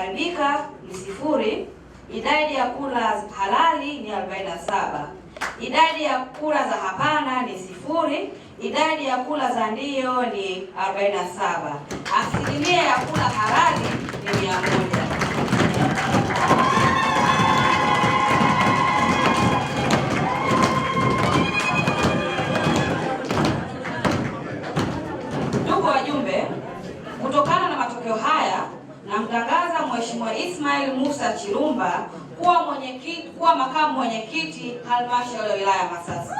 kuharibika ni sifuri. Idadi ya kura halali ni 47. Idadi ya kura za hapana ni sifuri. Idadi ya kura za ndio ni 47. Asilimia ya kura halali ni mia moja. Ndugu wajumbe, kutokana na matokeo haya na mtangazo Mheshimiwa Ismail Musa chirumba kuwa mwenyekiti, kuwa makamu mwenyekiti halmashauri ya wilaya Masasi.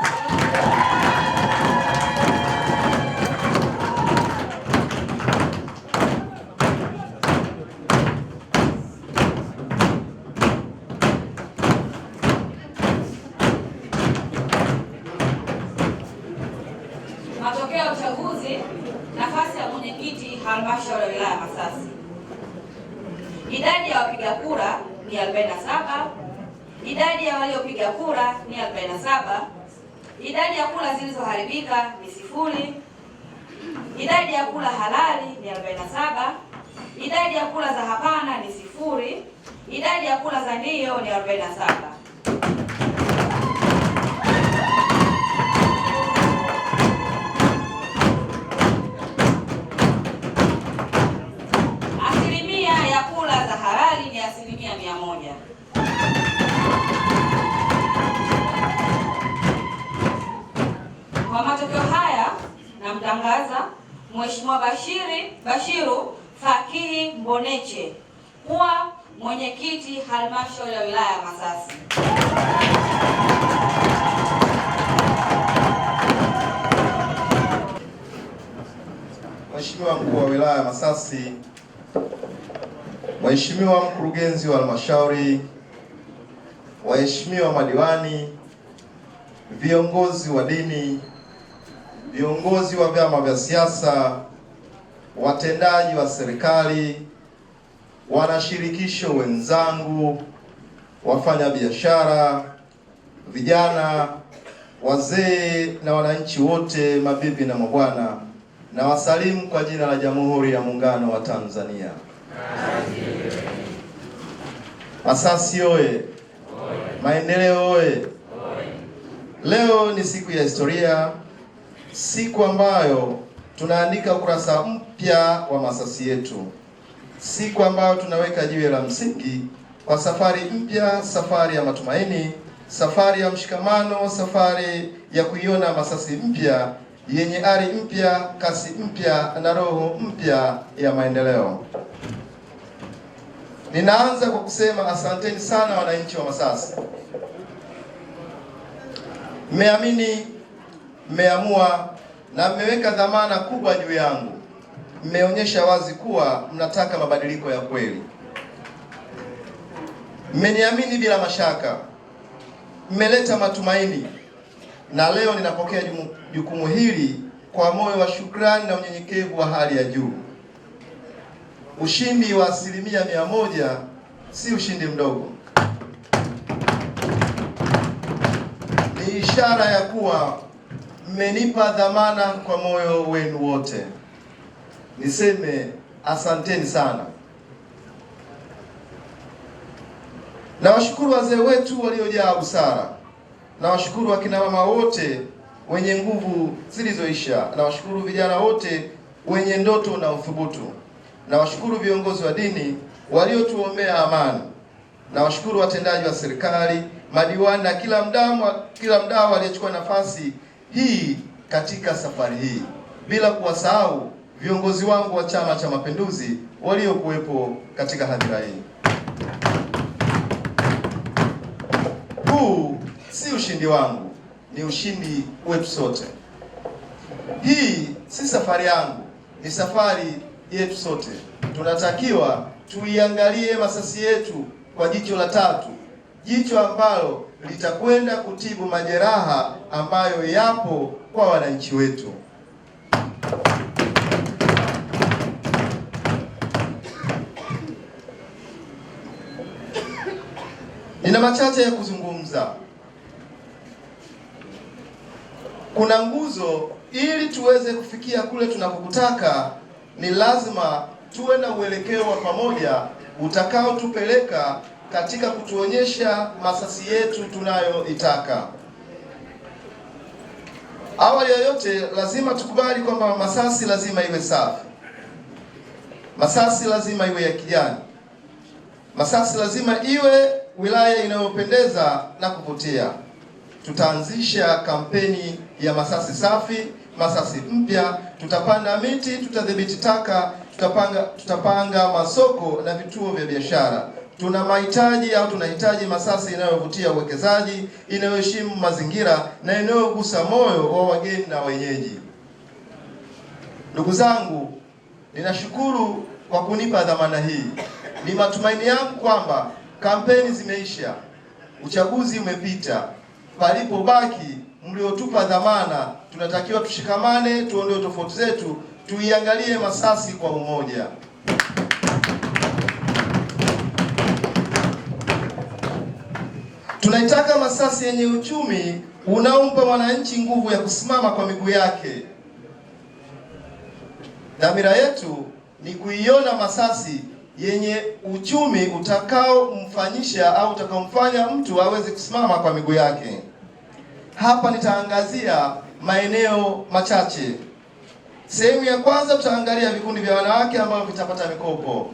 Matokeo ya uchaguzi, nafasi ya mwenyekiti halmashauri ya wilaya Masasi. Idadi ya wapiga kura ni 47. Idadi ya waliopiga kura ni 47. Idadi ya kura zilizoharibika ni sifuri. Idadi ya kura halali ni 47. Idadi ya kura za hapana ni sifuri. Idadi ya kura za ndio ni 47. Bashiri Bashiru Fakihi Mboneche kuwa mwenyekiti halmashauri ya wilaya ya Masasi. Mheshimiwa mkuu wa wilaya ya Masasi, Mheshimiwa mkurugenzi wa halmashauri, waheshimiwa madiwani, viongozi wa dini, viongozi wa vyama vya siasa watendaji wa serikali, wanashirikisho wenzangu, wafanyabiashara, vijana, wazee na wananchi wote, mabibi na mabwana, na wasalimu kwa jina la Jamhuri ya Muungano wa Tanzania. Masasi oye! Maendeleo oye! Leo ni siku ya historia, siku ambayo tunaandika ukurasa mpya wa Masasi yetu, siku ambayo tunaweka jiwe la msingi kwa safari mpya, safari ya matumaini, safari ya mshikamano, safari ya kuiona Masasi mpya yenye ari mpya, kasi mpya na roho mpya ya maendeleo. Ninaanza kwa kusema asanteni sana wananchi wa Masasi. Mmeamini, mmeamua na mmeweka dhamana kubwa juu yangu. Mmeonyesha wazi kuwa mnataka mabadiliko ya kweli. Mmeniamini bila mashaka, mmeleta matumaini, na leo ninapokea jukumu hili kwa moyo wa shukrani na unyenyekevu wa hali ya juu. Ushindi wa asilimia mia moja si ushindi mdogo, ni ishara ya kuwa mmenipa dhamana kwa moyo wenu wote. Niseme asanteni sana. Nawashukuru wazee wetu waliojaa busara, nawashukuru akina mama wote wenye nguvu zilizoisha, nawashukuru vijana wote wenye ndoto na uthubutu, nawashukuru viongozi wa dini waliotuombea amani, nawashukuru watendaji wa serikali, madiwani na kila mdau aliyechukua nafasi hii katika safari hii, bila kuwasahau viongozi wangu wa Chama cha Mapinduzi waliokuwepo katika hadhira hii. Huu si ushindi wangu, ni ushindi wetu sote. Hii si safari yangu, ni safari yetu sote. Tunatakiwa tuiangalie Masasi yetu kwa jicho la tatu jicho ambalo litakwenda kutibu majeraha ambayo yapo kwa wananchi wetu. Nina machache ya kuzungumza. Kuna nguzo, ili tuweze kufikia kule tunakokutaka, ni lazima tuwe na uelekeo wa pamoja utakaotupeleka katika kutuonyesha Masasi yetu tunayoitaka. Awali ya yote, lazima tukubali kwamba Masasi lazima iwe safi. Masasi lazima iwe ya kijani. Masasi lazima iwe wilaya inayopendeza na kuvutia. Tutaanzisha kampeni ya Masasi safi, Masasi mpya. Tutapanda miti, tutadhibiti taka, tutapanga tutapanga masoko na vituo vya biashara tuna mahitaji au tunahitaji Masasi inayovutia uwekezaji, inayoheshimu mazingira na inayogusa moyo wa wageni na wenyeji. Ndugu zangu, ninashukuru kwa kunipa dhamana hii. Ni matumaini yangu kwamba kampeni zimeisha, uchaguzi umepita, palipobaki mliotupa dhamana, tunatakiwa tushikamane, tuondoe tofauti zetu, tuiangalie Masasi kwa umoja. Tunaitaka Masasi yenye uchumi unaompa mwananchi nguvu ya kusimama kwa miguu yake. Dhamira yetu ni kuiona Masasi yenye uchumi utakaomfanyisha au utakaomfanya mtu aweze kusimama kwa miguu yake. Hapa nitaangazia maeneo machache. Sehemu ya kwanza tutaangalia vikundi vya wanawake ambavyo vitapata mikopo,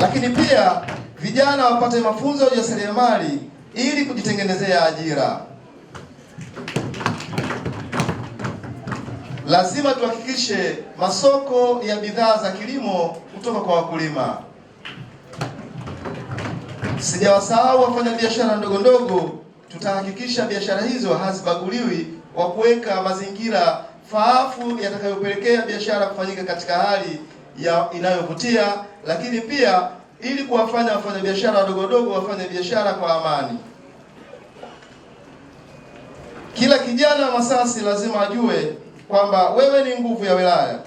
lakini pia vijana wapate mafunzo ya ujasiriamali ili kujitengenezea ajira. Lazima tuhakikishe masoko ya bidhaa za kilimo kutoka kwa wakulima. Sijawasahau wafanya biashara ndogo ndogo, tutahakikisha biashara hizo hazibaguliwi kwa kuweka mazingira faafu yatakayopelekea biashara kufanyika katika hali ya inayovutia, lakini pia ili kuwafanya wafanyabiashara wadogo wadogo wafanye biashara kwa amani. Kila kijana Masasi lazima ajue kwamba wewe ni nguvu ya wilaya,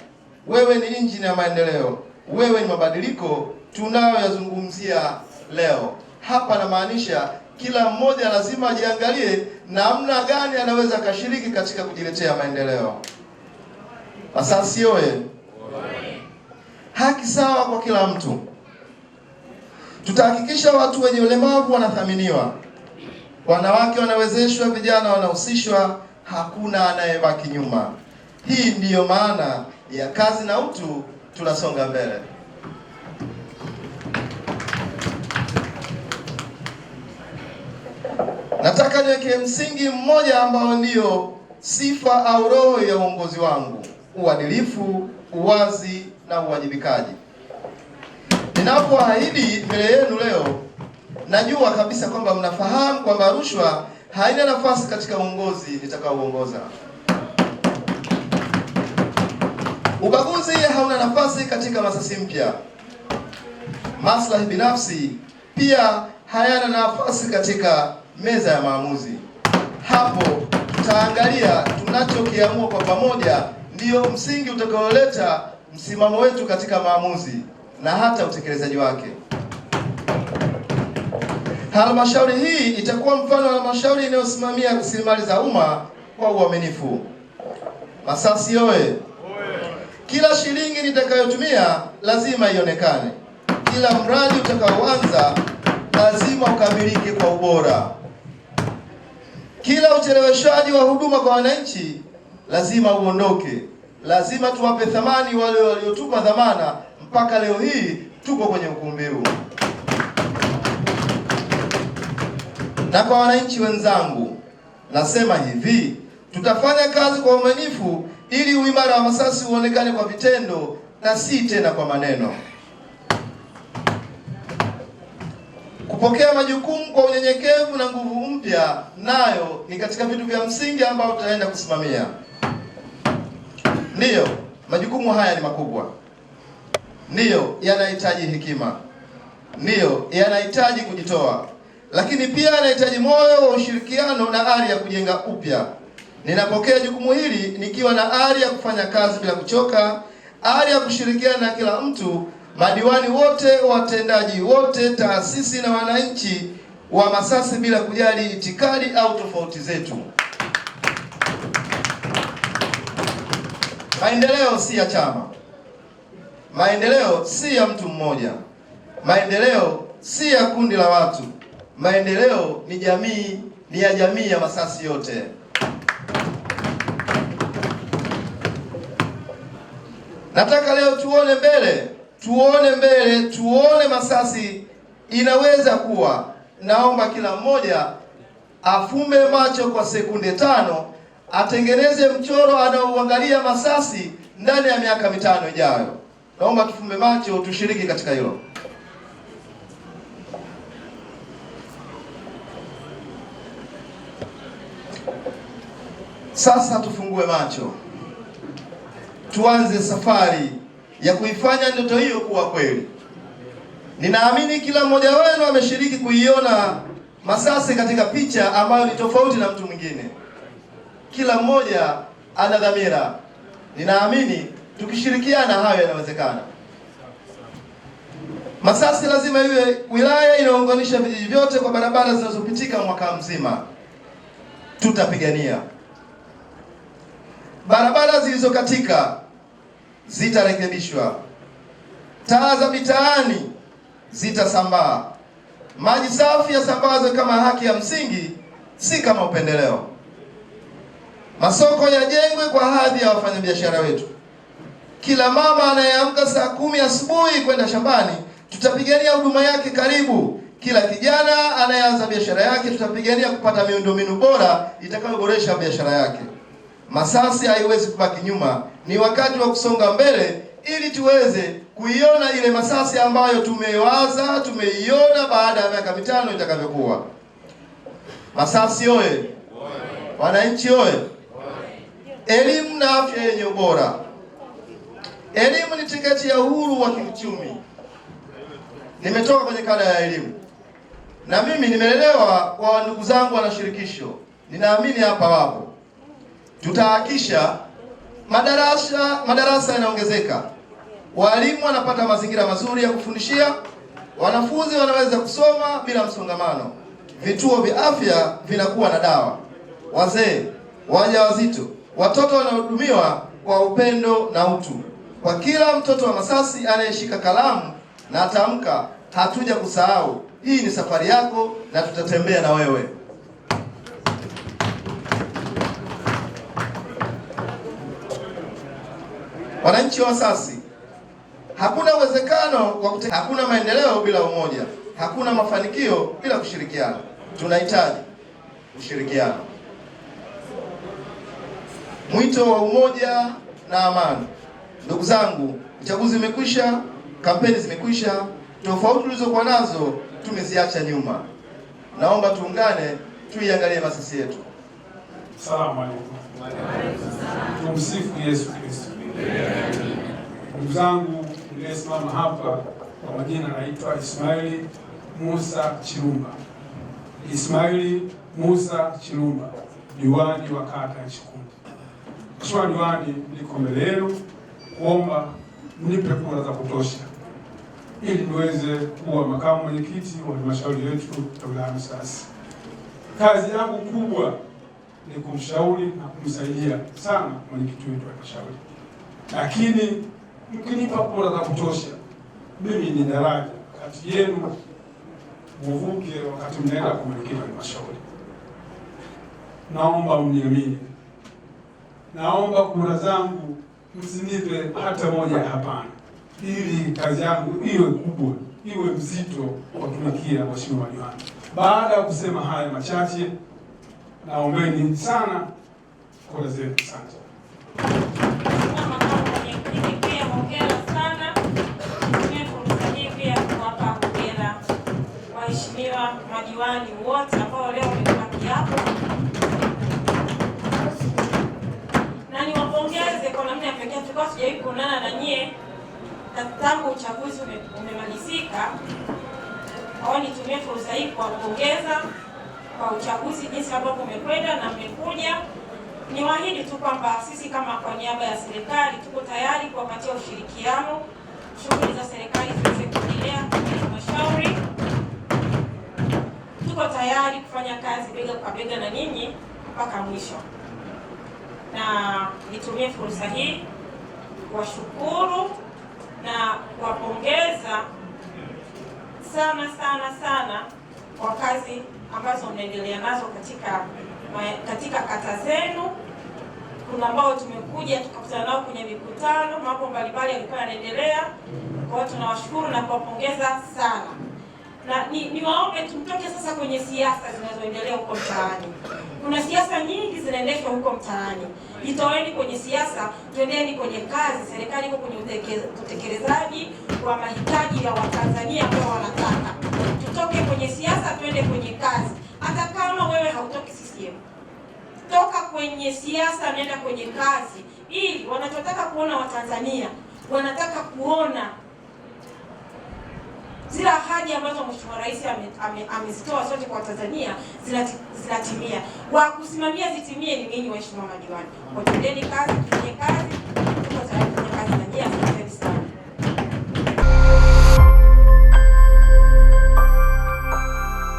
wewe ni injini ya maendeleo, wewe ni mabadiliko tunayoyazungumzia leo hapa. Namaanisha kila mmoja lazima ajiangalie namna gani anaweza akashiriki katika kujiletea maendeleo. Masasi oye! Haki sawa kwa kila mtu Tutahakikisha watu wenye ulemavu wanathaminiwa, wanawake wanawezeshwa, vijana wanahusishwa, hakuna anayebaki nyuma. Hii ndiyo maana ya kazi na utu, tunasonga mbele. Nataka niweke msingi mmoja ambao ndiyo sifa au roho ya uongozi wangu: uadilifu, uwazi na uwajibikaji ninapoahidi mbele yenu leo, najua kabisa kwamba mnafahamu kwamba rushwa haina nafasi katika uongozi nitakaoongoza. Ubaguzi hauna nafasi katika Masasi mpya. Maslahi binafsi pia hayana nafasi katika meza ya maamuzi. Hapo tutaangalia tunachokiamua kwa pamoja, ndiyo msingi utakaoleta msimamo wetu katika maamuzi na hata utekelezaji wake. Halmashauri hii itakuwa mfano wa halmashauri inayosimamia rasilimali za umma kwa uaminifu. Masasi oye! Kila shilingi nitakayotumia lazima ionekane, kila mradi utakaoanza lazima ukamilike kwa ubora, kila ucheleweshaji wa huduma kwa wananchi lazima uondoke. Lazima tuwape thamani wale waliotupa dhamana mpaka leo hii tuko kwenye ukumbi huu. Na kwa wananchi wenzangu nasema hivi, tutafanya kazi kwa uaminifu ili uimara wa Masasi uonekane kwa vitendo na si tena kwa maneno. Kupokea majukumu kwa unyenyekevu na nguvu mpya, nayo ni katika vitu vya msingi ambao tutaenda kusimamia. Ndiyo, majukumu haya ni makubwa ndiyo yanahitaji hekima, ndiyo yanahitaji kujitoa, lakini pia yanahitaji moyo wa ushirikiano na ari ya kujenga upya. Ninapokea jukumu hili nikiwa na ari ya kufanya kazi bila kuchoka, ari ya kushirikiana na kila mtu, madiwani wote, watendaji wote, taasisi na wananchi wa Masasi bila kujali itikadi au tofauti zetu. Maendeleo si ya chama Maendeleo si ya mtu mmoja, maendeleo si ya kundi la watu, maendeleo ni jamii, ni ya jamii ya Masasi yote. Nataka leo tuone mbele, tuone mbele, tuone Masasi inaweza kuwa. Naomba kila mmoja afumbe macho kwa sekunde tano, atengeneze mchoro anaouangalia Masasi ndani ya miaka mitano ijayo. Naomba tufumbe macho, tushiriki katika hilo. Sasa tufungue macho, tuanze safari ya kuifanya ndoto hiyo kuwa kweli. Ninaamini kila mmoja wenu ameshiriki kuiona Masasi katika picha ambayo ni tofauti na mtu mwingine. Kila mmoja ana dhamira, ninaamini Tukishirikiana hayo yanawezekana. Masasi lazima iwe wilaya inaunganisha vijiji vyote kwa barabara zinazopitika mwaka mzima. Tutapigania barabara zilizokatika zitarekebishwa, taa za mitaani zitasambaa, maji safi yasambazwe kama haki ya msingi, si kama upendeleo. Masoko yajengwe kwa hadhi ya wafanyabiashara wetu. Kila mama anayeamka saa kumi asubuhi kwenda shambani tutapigania huduma yake karibu. Kila kijana anayeanza biashara yake tutapigania kupata miundombinu bora itakayoboresha biashara yake. Masasi haiwezi kubaki nyuma, ni wakati wa kusonga mbele ili tuweze kuiona ile Masasi ambayo tumewaza tumeiona baada ya miaka mitano itakavyokuwa. Masasi oye! Wananchi oye! Elimu na afya yenye ubora Elimu ni tiketi ya uhuru wa kiuchumi. Nimetoka kwenye kada ya elimu na mimi nimelelewa kwa ndugu zangu wana shirikisho, ninaamini hapa wapo. Tutahakisha madarasa madarasa yanaongezeka, walimu wanapata mazingira mazuri ya kufundishia, wanafunzi wanaweza kusoma bila msongamano, vituo vya afya vinakuwa na dawa, wazee, wajawazito, watoto wanahudumiwa kwa upendo na utu. Kwa kila mtoto wa Masasi anayeshika kalamu na atamka, hatuja kusahau, hii ni safari yako na tutatembea na wewe. Wananchi wa Masasi, hakuna uwezekano wa kute... hakuna maendeleo bila umoja, hakuna mafanikio bila kushirikiana. Tunahitaji ushirikiano, mwito wa umoja na amani. Ndugu zangu, uchaguzi umekwisha, kampeni zimekwisha, tofauti tulizokuwa nazo tumeziacha nyuma. Naomba tuungane, tuiangalie masisi yetu. Salamu alaykum. Tumsifu Yesu Kristo. Ndugu zangu, niliyesimama hapa kwa majina naitwa Ismaili Musa chiruma Ismaili Musa chiruma diwani wa kata ya Chikundi. Mheshimiwa diwani, niko mbele yenu kuomba mnipe kura za kutosha ili niweze kuwa makamu mwenyekiti wa halmashauri yetu ya wilaya Misasi. Kazi yangu kubwa ni kumshauri na kumsaidia sana mwenyekiti wetu wa halmashauri, lakini mkinipa kura za kutosha, mimi ni daraja kati yenu muvuke wakati mnaenda wa halmashauri. Naomba mniamini, naomba kura zangu usinipe hata moja, hapana, ili kazi yangu iwe kubwa, iwe mzito kutumikia waheshimiwa madiwani. Baada ya kusema haya machache, naombeni sana kura zenu. Asante. Waheshimiwa madiwani wote ambao leo niwapongeze kwa namna ya pekee, tulikuwa sijawahi kuonana na nyie tangu uchaguzi umemalizika. Kwa nitumie fursa hii kuwapongeza kwa uchaguzi jinsi ambavyo umekwenda na mmekuja. Niwaahidi tu kwamba sisi kama kwa niaba ya serikali tuko tayari kuwapatia ushirikiano shughuli za serikali ziweze kuendelea halmashauri. Tuko tayari kufanya kazi bega kwa bega na ninyi mpaka mwisho na nitumie fursa hii kuwashukuru na kuwapongeza sana sana sana kwa kazi ambazo mnaendelea nazo katika katika kata zenu. Kuna ambao tumekuja tukakutana nao kwenye mikutano, mambo mbalimbali yalikuwa yanaendelea. Kwa hiyo tunawashukuru na kuwapongeza sana, na niwaombe ni tumtoke sasa kwenye siasa zinazoendelea huko mtaani. Kuna siasa nyingi zinaendeshwa huko mtaani. jitoweni kwenye siasa, twendeni kwenye kazi. Serikali iko kwenye utekelezaji wa mahitaji ya Watanzania ambao wanataka. Tutoke kwenye siasa, twende kwenye kazi. Hata kama wewe hautoki CCM, toka kwenye siasa, nenda kwenye kazi, ili wanachotaka kuona Watanzania wanataka kuona zile ahadi ambazo Mheshimiwa Rais amezitoa ame, ame sote kwa Tanzania zinatimia. Wa kusimamia zitimie ni ninyi waheshimiwa madiwani, watendeni kazi, tufanye kazi, tuko tayari kufanya kazi na nyinyi.